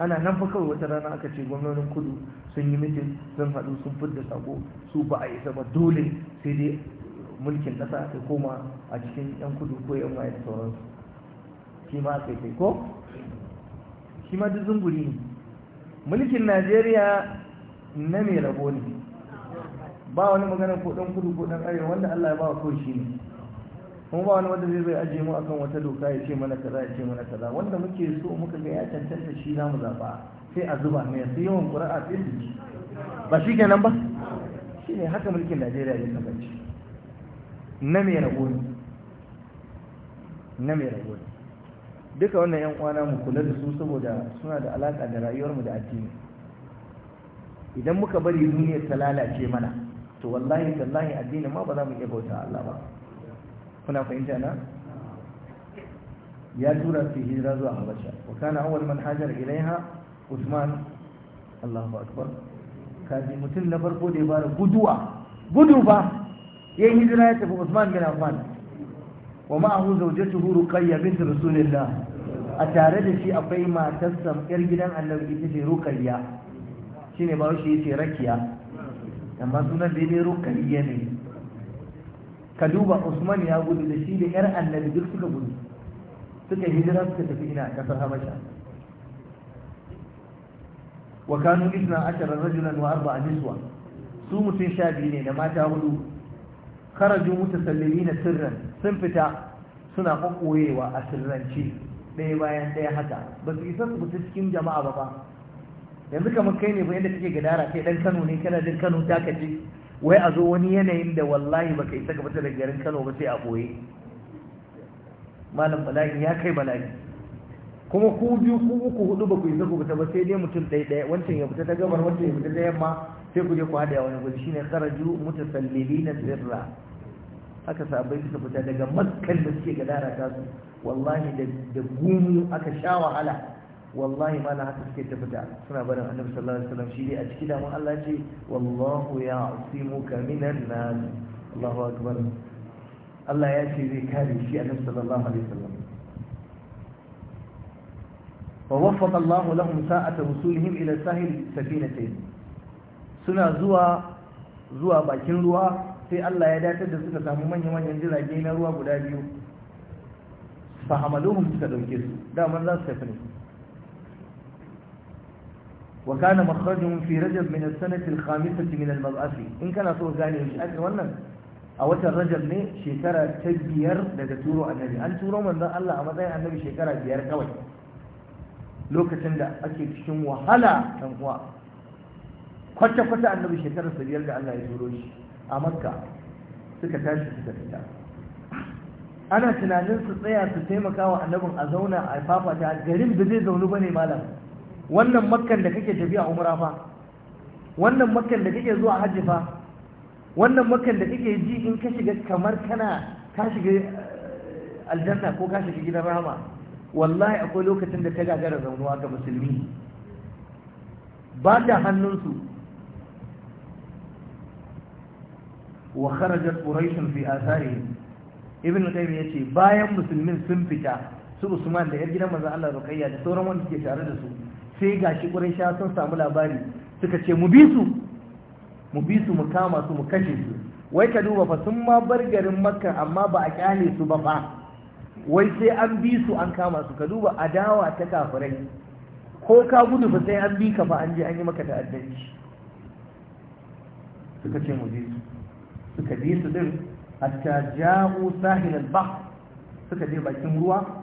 ana nan fa kawai wata rana aka ce gwamnonin kudu sun yi mitin sun haɗu sun fidda sako su ba a isa ba dole sai dai mulkin ƙasa ta koma a cikin 'yan kudu ko 'yan waye da sauransu shi ma aka kai ko shi ma duk zunguri ne mulkin najeriya na mai rabo ne ba wani magana ko ɗan kudu ko ɗan arewa wanda allah ya ba wa kawai shi ne kuma ba wani wanda zai zai ajiye mu akan wata doka ya ce mana kaza ya ce mana kaza wanda muke so muka ga ya cancanta shi za mu zaba, sai a zuba mai sai yawan ƙuri'a sai su ba shi kenan ba shi ne haka mulkin najeriya ya kasance na mai rago ne na mai rago ne duka wannan yan uwana mu kula da su saboda suna da alaƙa da rayuwarmu da addini idan muka bari duniyar ta lalace mana to wallahi tallahi addini ma ba za mu iya bauta Allah ba kuna fahimta na ya tura su hijira zuwa habasha wa kana awwal man hajar ilaiha usman Allahu akbar kaji mutum na farko da ya fara guduwa gudu ba yi hijira ya tafi usman bin affan wa ma'ahu zawjatuhu ruqayya bint rasulillah a tare da shi akwai matarsa yar gidan annabi ita ce ruqayya shine ba shi yace rakiya amma sunan ne ruqayya ne ka duba usman ya gudu da shi da yar annabi duk suka gudu suka hijira suka tafi ina kasar habasha wa kanu isna ashara rajulan wa arba'a niswa su mutum sha biyu ne da mata hudu kharaju na sirran sun fita suna kokoyewa a sirrance ɗaya bayan ɗaya haka ba su isa su cikin jama'a ba ba yanzu kamar kai ne ba yadda kake gadara kai dan Kano ne kana jin Kano ta kace wai a zo wani yanayin da wallahi baka isa ka fita daga garin Kano ba sai a boye malam bala'i ya kai bala'i kuma ku biyu ku uku hudu ba ku isa ku fita ba sai dai mutum ɗaya ɗaya wancan ya fita ta gabar wancan ya fita ta yamma sai ku je ku haɗa wani gudu shine mutasallili na sirra aka sabai suka fita daga makkan da suke gadara ta su wallahi da gumu aka sha wahala wallahi ma na haka suke tabbata suna barin annabi sallallahu alaihi wasallam shi dai a cikin damun Allah ce wallahu ya'simuka minan nas Allahu akbar Allah ya ce zai kare shi annabi sallallahu alaihi wasallam wa waffaqa Allah lahum sa'ata wusulihim ila sahil safinatayn suna zuwa zuwa bakin ruwa sai Allah ya datar da suka samu manyan manyan jirage na ruwa guda biyu fahamaluhum suka dauke su daman za su tafi ne وكان مخرجهم في رجب من السنة الخامسة من المبعث إن كان سوء ذلك مش أجل ونن أو رجب ne shekara ta biyar daga turo annabi an turo manzon Allah a matsayin annabi shekara biyar kawai lokacin da ake cikin wahala kan kuwa kwata-kwata annabi shekarar sa biyar da Allah ya turo shi a makka suka tashi suka fita ana tunanin su tsaya su taimakawa annabin a zauna a fafata garin da zai bane malam wannan makkan da kake tafiya umra fa wannan makkan da kake zuwa hajji fa wannan makkan da kake ji in ka shiga kamar kana ka shiga eh, aljanna ko ka shiga gidan rahama wallahi akwai lokacin da ta gagara zaunuwa ga musulmi ba da hannunsu wa kharajat quraishun fi atharihim ibn qayyim yace bayan musulmin sun fita su usman da yar gidan manzon Allah Rukayya da sauran wanda ke tare da su sai gashi sha sun samu labari suka ce mu bi su mu bi su mu kama su mu kashe su wai ka duba fa sun ma bar garin makka amma ba a kyale su ba fa wai sai an bi su an kama su ka duba adawa ta kafirai ko ka gudu fa sai an bi ka fa an je an yi maka ta'addanci suka ce mu bi su suka bi su din hatta ja'u sahil al-bahr suka je bakin ruwa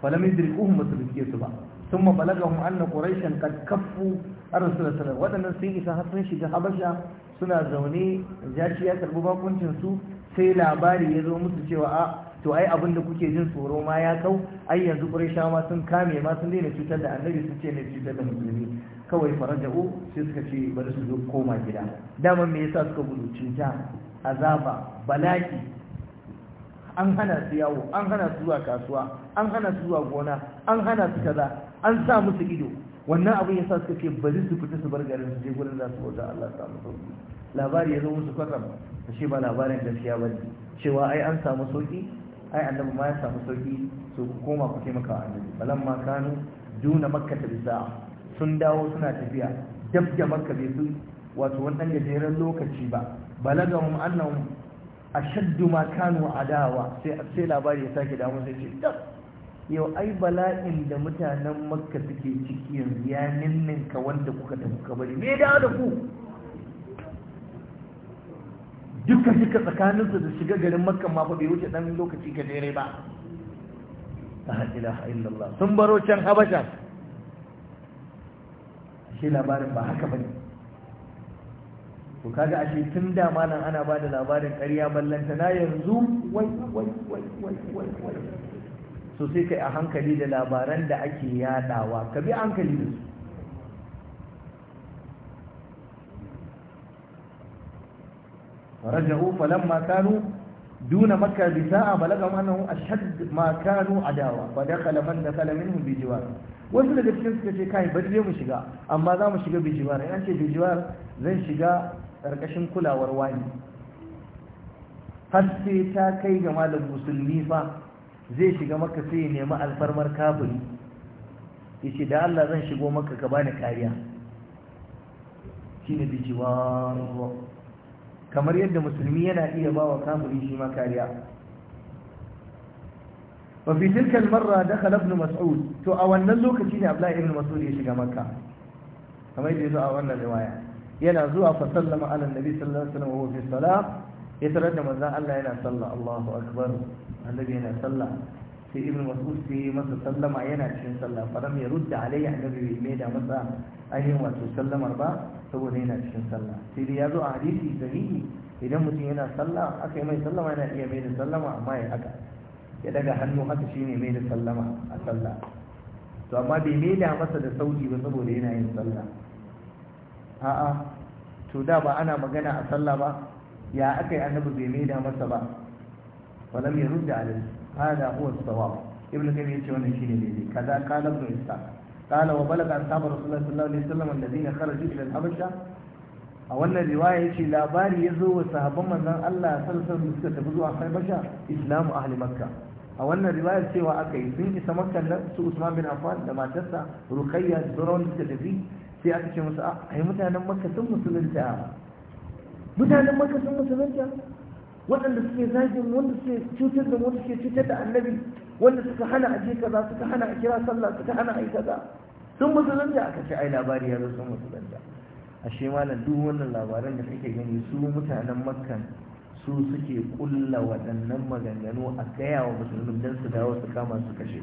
falam yudrikuhum ba su su ba sun mabalagahun anna ƙuraishen kad kafu a rasulatsalar waɗannan sun isa har sun shiga habasha suna zaune jashi ya karɓi bakuncinsu sai labari ya zo musu cewa a to ai abin da kuke jin tsoro ma ya kau ai yanzu ƙuraisha ma sun kame ma sun daina cutar da annabi sun ce ne cutar da musulmi kawai faraja'u sai suka ce bari su zo koma gida dama me yasa suka gudu cuta azaba bala'i an hana su yawo an hana su zuwa kasuwa an hana su zuwa gona an hana su kaza an sa musu ido wannan abin ya sa suka ce bari su fita su bar garin su je gurin za su bauta Allah ta musu labari ya zo musu kwatam ta ce ba labarin gaskiya ba ne cewa ai an samu sauki ai annabi ma ya samu sauki su koma ku taimaka wa annabi balan ma kanu duna makka ta bisa sun dawo suna tafiya dab da makka bai su wato wani ɗan gajeren lokaci ba balagahum annahum ashaddu ma kanu adawa sai sai labari ya sake dawo sai ce dab yau ai bala'in da mutanen makka suke ciki yanzu ya ninninka wanda kuka tafi kabari me da da ku duka suka tsakaninsu da shiga garin makka ma fa bai wuce dan lokaci ka dare ba la ilaha illallah sun baro can habasha shi labarin ba haka bane ko kaga ashe tun da ma nan ana bada labarin ƙarya ballanta na yanzu wai wai wai wai wai so sai kai a hankali da labaran da ake yadawa ka bi hankali da su Duna فلما كانوا دون balaga بساعة بلغهم أنه أشد ما كانوا عداوة فدخل من دخل منهم بجوار wasu daga cikin suka ce kai ba dai mu shiga amma za mu shiga bijiwar in an ce bijiwar zan shiga ƙarƙashin kulawar wani har sai ta kai ga malam musulmi fa zai shiga maka sai ya nemi alfarmar kafiri ce da Allah zan shigo maka ka bani kariya shine bijiwan kamar yadda musulmi yana iya bawa kafiri shi ma kariya wa fi tilkal marra dakhala ibn mas'ud to a wannan lokaci ne Abdullahi ibn Mas'ud ya shiga makka kamar yadda zo a wannan riwaya yana zuwa fa sallama ala annabi sallallahu alaihi wasallam wa huwa fi salat ya tarar da manzon Allah yana sallah Allahu akbar annabi yana sallah sai ibn mas'ud sai masa sallama yana cikin sallah faram ya rudda alayhi annabi bai mai da masa ainihin wato sallamar ba saboda yana cikin sallah sai dai ya zo a hadisi sahihi idan mutum yana sallah aka yi mai sallama yana iya mai da sallama amma ya haka ya daga hannu haka shine mai da sallama a sallah to amma bai mai da masa da sauki ba saboda yana yin sallah a'a to da ba ana magana a sallah ba ya aka yi annabi bai mai da masa ba ولم يرد عليه هذا هو الصواب ابن تيمية ka شيء لي كذا قال ابن إسحاق قال وبلغ أصحاب رسول الله صلى الله عليه وسلم الذين خرجوا إلى الحبشة a wannan riwaya ce labari ya zo wa sahabban manzan Allah sallallahu alaihi suka tafi zuwa Habasha Islamu ahli Makka a wannan riwayar cewa aka yi sun isa Makka su Usman bin Affan da matarsa Ruqayya da sauran suka tafi sai aka ce musu ai mutanen Makka sun musulunta mutanen Makka sun musulunta waɗanda suke zagin wanda suke cutar da wanda suke cutar da annabi wanda suka hana a je kaza suka hana a kira sallah suka hana a yi kaza sun musulunta aka ce ai labari ya zo sun musulunta ashe malam duk wannan labaran da kake gani su mutanen makkan su suke kulla waɗannan maganganu a gaya wa musulmin don su dawo su kama su kashe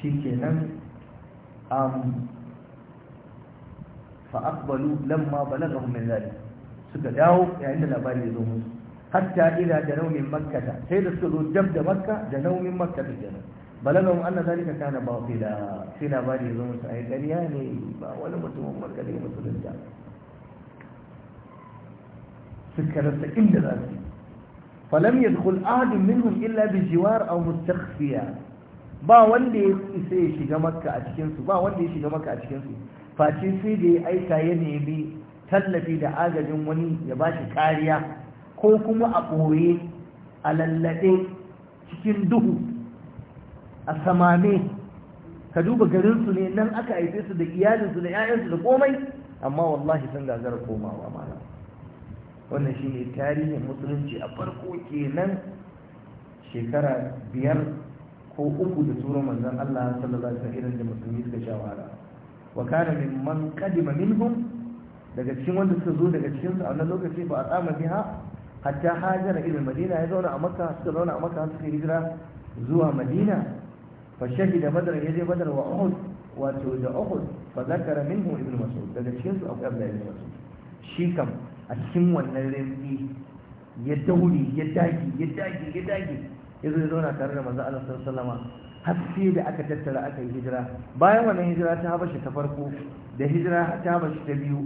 su shi kenan um, فأقبلوا لما بلغهم من ذلك سكتاو يعني عند الأبار يزومون حتى إذا جنوا من مكة سيد السلو جمد مكة جنوا من مكة الجنة بلغهم أن ذلك كان باطلا سيد أبار يزومون سأي كرياني ولا متهم مكة لهم مسلم جانا سكرت إلا ذلك فلم يدخل أحد منهم إلا بجوار أو مستخفيا ba wanda ya isa ya shiga makka a cikinsu ba wanda ya shiga makka a faci sai da ya aika ya nemi tallafi da agajin wani ya ba shi kariya ko kuma a ɓoye a lallaɗe cikin duhu a samame ka duba garinsu ne nan aka haife su da iyalinsu da 'ya'yansu da komai amma wallahi sun gagara komawa mana wannan shi ne tarihin musulunci a farko kenan shekara biyar ko uku da tsoron manzan Allah sallallahu alaihi wasallam irin da musulmi suka sha wahala wa kana mimman kadima minhum daga cikin wanda suka zo daga cikin su a wannan lokaci ba a tsama biha hatta hajara ilal madina ya zauna a makka suka zauna a makka suka hijira zuwa madina fa shahida badr ya je badr wa uhud wato da uhud fa zakara minhu ibn mas'ud daga cikin su akwai abdullahi ibn mas'ud shi kam a cikin wannan rinzi ya daure ya dage ya dage ya dage ya zo ya zauna tare da manzo Allah sallallahu alaihi wasallam har da aka tattara aka yi hijira bayan wannan hijira ta habashi ta farko da hijira ta habashi ta biyu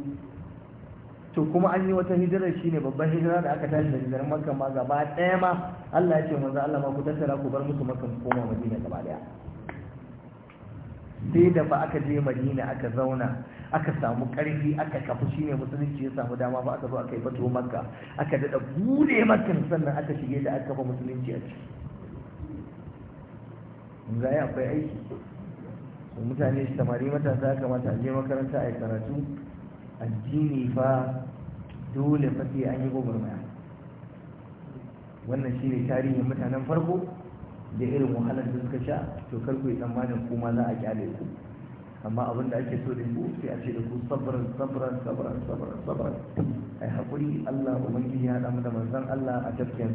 to kuma an yi wata hijira shine babban hijira da aka tashi da hijirar makka ma gaba ɗaya ma Allah ya ce manzo Allah ma ku tattara ku bar musu makka koma madina gaba ɗaya sai da ba aka je madina aka zauna aka samu ƙarfi aka kafu shine musulunci ya samu dama ba aka zo aka yi fatuwa makka aka daɗa bude makka sannan aka shige da aka kafa musulunci a ciki kun ga akwai aiki ko mutane samari matasa kamata a je makaranta a yi karatu addini fa dole fashe an yi gwagwarmaya wannan shine tarihin mutanen farko da irin wahalar da suka sha to kar ku yi tsammanin kuma za a kyale ku amma abin da ake so da ku sai a ce da ku sabran sabran sabran sabran sabran ai hakuri Allah ubangiji ya hada mu da manzon Allah a tafkiyar